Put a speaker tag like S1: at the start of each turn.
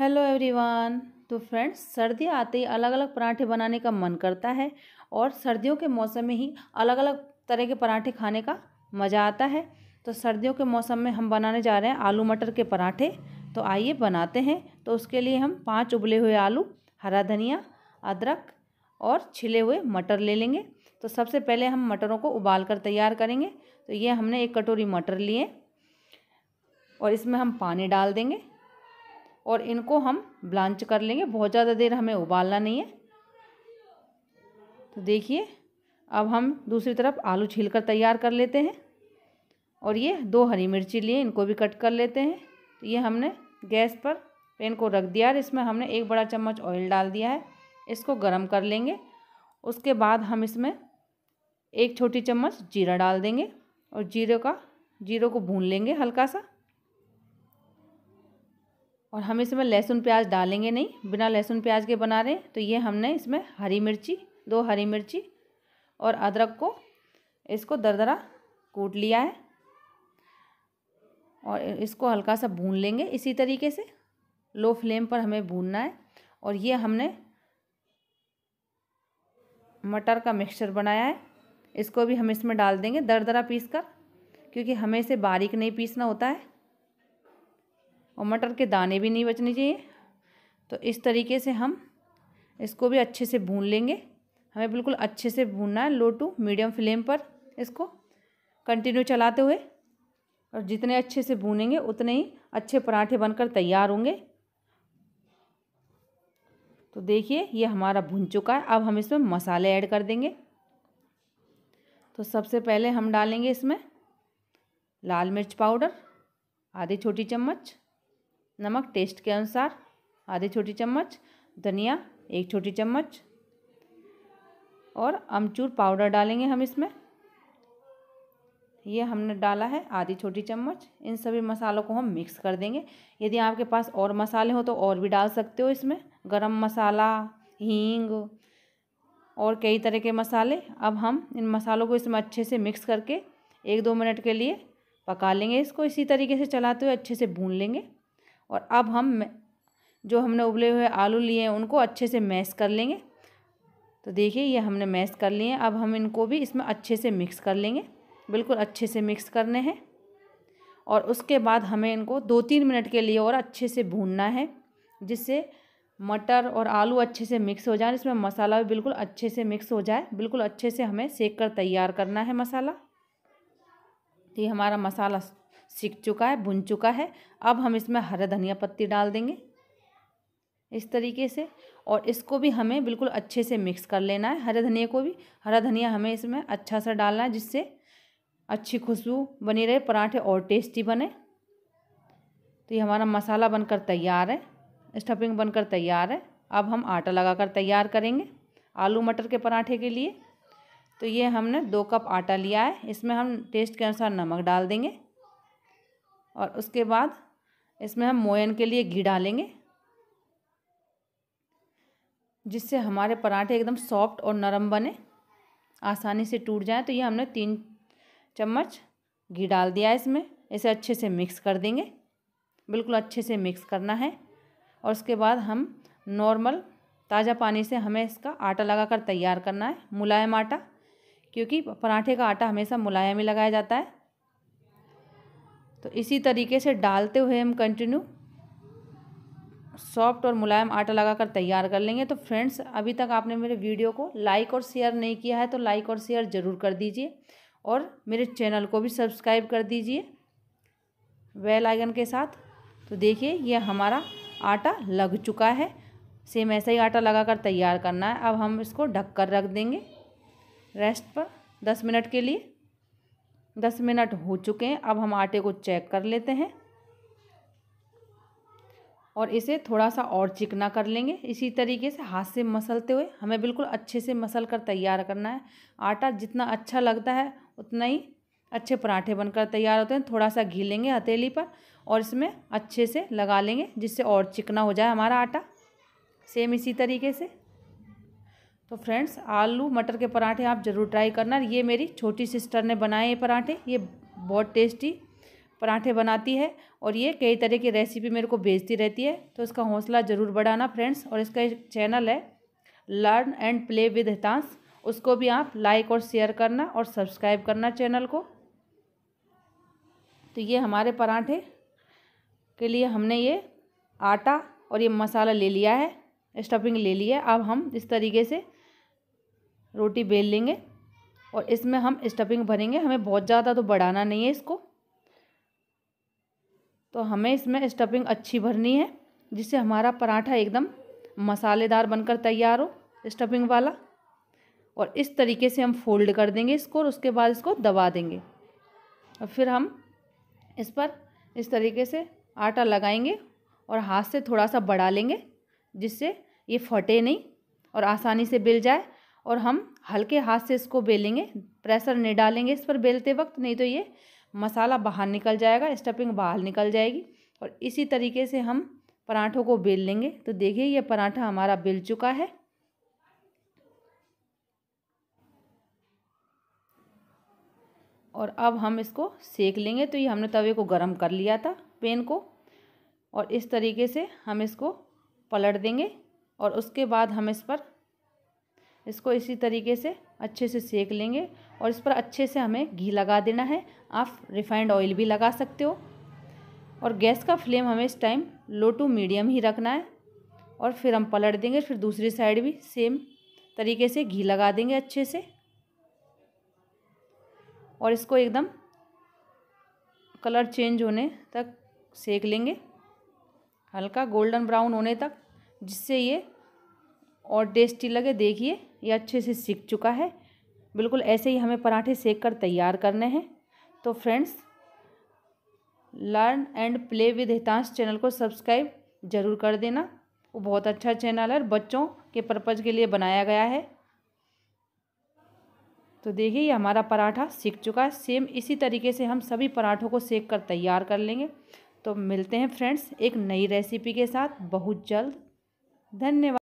S1: hello everyone तो friends सर्दी आते ही अलग अलग पराठे बनाने का मन करता है और सर्दियों के मौसम में ही अलग अलग तरह के पराठे खाने का मज़ा आता है तो सर्दियों के मौसम में हम बनाने जा रहे हैं आलू मटर के पराठे तो आइए बनाते हैं तो उसके लिए हम पाँच उबले हुए आलू हरा धनिया अदरक और छिले हुए मटर ले लेंगे तो सबसे पहले हम मटरों को उबाल कर तैयार करेंगे तो ये हमने एक कटोरी मटर लिए और इसमें हम पानी डाल देंगे और इनको हम ब्लांच कर लेंगे बहुत ज़्यादा देर हमें उबालना नहीं है तो देखिए अब हम दूसरी तरफ आलू छील कर तैयार कर लेते हैं और ये दो हरी मिर्ची लिए इनको भी कट कर लेते हैं तो ये हमने गैस पर पेन को रख दिया और इसमें हमने एक बड़ा चम्मच ऑयल डाल दिया है इसको गर्म कर लेंगे उसके बाद हम इसमें एक छोटी चम्मच जीरा डाल देंगे और जीरे का जीरो को भून लेंगे हल्का सा और हम इसमें लहसुन प्याज डालेंगे नहीं बिना लहसुन प्याज के बना रहे तो ये हमने इसमें हरी मिर्ची दो हरी मिर्ची और अदरक को इसको दरदरा कूट लिया है और इसको हल्का सा भून लेंगे इसी तरीके से लो फ्लेम पर हमें भूनना है और ये हमने मटर का मिक्सचर बनाया है इसको भी हम इसमें डाल देंगे दरदरा पीस कर क्योंकि हमें इसे बारीक नहीं पीसना होता है और मटर के दाने भी नहीं बचने चाहिए तो इस तरीके से हम इसको भी अच्छे से भून लेंगे हमें बिल्कुल अच्छे से भूनना है लो टू मीडियम फ्लेम पर इसको कंटिन्यू चलाते हुए और जितने अच्छे से भूनेंगे उतने ही अच्छे पराठे बनकर तैयार होंगे तो देखिए ये हमारा भुन चुका है अब हम इसमें मसाले ऐड कर देंगे तो सबसे पहले हम डालेंगे इसमें लाल मिर्च पाउडर आधी छोटी चम्मच नमक टेस्ट के अनुसार आधी छोटी चम्मच धनिया एक छोटी चम्मच और अमचूर पाउडर डालेंगे हम इसमें ये हमने डाला है आधी छोटी चम्मच इन सभी मसालों को हम मिक्स कर देंगे यदि आपके पास और मसाले हो तो और भी डाल सकते हो इसमें गरम मसाला हींग और कई तरह के मसाले अब हम इन मसालों को इसमें अच्छे से मिक्स करके एक दो मिनट के लिए पका लेंगे इसको इसी तरीके से चलाते हुए अच्छे से भून लेंगे और अब हम जो हमने उबले हुए आलू लिए हैं उनको अच्छे से मैश कर लेंगे तो देखिए ये हमने मैश कर लिए हैं अब हम इनको भी इसमें अच्छे से मिक्स कर लेंगे बिल्कुल अच्छे से मिक्स करने हैं और उसके बाद हमें इनको दो तीन मिनट के लिए और अच्छे से भूनना है जिससे मटर और आलू अच्छे से मिक्स हो जाए इसमें मसाला भी बिल्कुल अच्छे से मिक्स हो जाए बिल्कुल अच्छे से हमें सेक कर तैयार करना है मसाला तो ये हमारा मसाला सीख चुका है बुन चुका है अब हम इसमें हरा धनिया पत्ती डाल देंगे इस तरीके से और इसको भी हमें बिल्कुल अच्छे से मिक्स कर लेना है हरे धनिया को भी हरा धनिया हमें इसमें अच्छा सा डालना है जिससे अच्छी खुशबू बनी रहे पराठे और टेस्टी बने तो ये हमारा मसाला बनकर तैयार है स्टफिंग बनकर तैयार है अब हम आटा लगाकर तैयार करेंगे आलू मटर के पराठे के लिए तो ये हमने दो कप आटा लिया है इसमें हम टेस्ट के अनुसार नमक डाल देंगे और उसके बाद इसमें हम मोयन के लिए घी डालेंगे जिससे हमारे पराठे एकदम सॉफ्ट और नरम बने आसानी से टूट जाए तो ये हमने तीन चम्मच घी डाल दिया इसमें इसे अच्छे से मिक्स कर देंगे बिल्कुल अच्छे से मिक्स करना है और उसके बाद हम नॉर्मल ताज़ा पानी से हमें इसका आटा लगाकर तैयार करना है मुलायम आटा क्योंकि पराठे का आटा हमेशा मुलायम ही लगाया जाता है तो इसी तरीके से डालते हुए हम कंटिन्यू सॉफ्ट और मुलायम आटा लगाकर तैयार कर लेंगे तो फ्रेंड्स अभी तक आपने मेरे वीडियो को लाइक और शेयर नहीं किया है तो लाइक और शेयर ज़रूर कर दीजिए और मेरे चैनल को भी सब्सक्राइब कर दीजिए वेल आइकन के साथ तो देखिए ये हमारा आटा लग चुका है सेम ऐसा ही आटा लगाकर तैयार करना है अब हम इसको ढक कर रख देंगे रेस्ट पर दस मिनट के लिए दस मिनट हो चुके हैं अब हम आटे को चेक कर लेते हैं और इसे थोड़ा सा और चिकना कर लेंगे इसी तरीके से हाथ से मसलते हुए हमें बिल्कुल अच्छे से मसल कर तैयार करना है आटा जितना अच्छा लगता है उतना ही अच्छे पराठे बनकर तैयार होते हैं थोड़ा सा घी लेंगे हथेली पर और इसमें अच्छे से लगा लेंगे जिससे और चिकना हो जाए हमारा आटा सेम इसी तरीके से तो फ्रेंड्स आलू मटर के पराठे आप ज़रूर ट्राई करना ये मेरी छोटी सिस्टर ने बनाए ये पराठे ये बहुत टेस्टी पराठे बनाती है और ये कई तरह की रेसिपी मेरे को भेजती रहती है तो इसका हौसला ज़रूर बढ़ाना फ्रेंड्स और इसका एक चैनल है learn and play with Hitansh उसको भी आप लाइक और शेयर करना और सब्सक्राइब करना चैनल को तो ये हमारे पराठे के लिए हमने ये आटा और ये मसाला ले लिया है स्टफिंग ले लिया है अब हम इस तरीके से रोटी बेल लेंगे और इसमें हम स्टफिंग भरेंगे हमें बहुत ज़्यादा तो बढ़ाना नहीं है इसको तो हमें इसमें स्टफिंग अच्छी भरनी है जिससे हमारा पराठा एकदम मसालेदार बनकर तैयार हो स्टफिंग वाला और इस तरीके से हम फोल्ड कर देंगे इसको और उसके बाद इसको दबा देंगे और फिर हम इस पर इस तरीके से आटा लगाएंगे और हाथ से थोड़ा सा बढ़ा लेंगे जिससे ये फटे नहीं और आसानी से बिल जाए और हम हल्के हाथ से इसको बेलेंगे प्रेशर नहीं डालेंगे इस पर बेलते वक्त नहीं तो ये मसाला बाहर निकल जाएगा स्टफिंग बाहर निकल जाएगी और इसी तरीके से हम पराठों को बेल लेंगे तो देखिए ये पराठा हमारा बेल चुका है और अब हम इसको सेक लेंगे तो ये हमने तवे को गरम कर लिया था पेन को और इस तरीके से हम इसको पलट देंगे और उसके बाद हम इस पर इसको इसी तरीके से अच्छे से सेक लेंगे और इस पर अच्छे से हमें घी लगा देना है आप रिफाइंड ऑयल भी लगा सकते हो और गैस का फ्लेम हमें इस टाइम लो टू मीडियम ही रखना है और फिर हम पलट देंगे फिर दूसरी साइड भी सेम तरीके से घी लगा देंगे अच्छे से और इसको एकदम कलर चेंज होने तक सेक लेंगे हल्का गोल्डन ब्राउन होने तक जिससे ये और टेस्टी लगे देखिए ये अच्छे से सीख चुका है बिल्कुल ऐसे ही हमें पराठे सेक कर तैयार करने हैं तो friends learn and play with Hitansh channel को सब्सक्राइब ज़रूर कर देना वो बहुत अच्छा चैनल है और बच्चों के पर्पज़ के लिए बनाया गया है तो देखिए ये हमारा पराठा सीख चुका है सेम इसी तरीके से हम सभी पराठों को सेक कर तैयार कर लेंगे तो मिलते हैं फ्रेंड्स एक नई रेसिपी के साथ बहुत जल्द धन्यवाद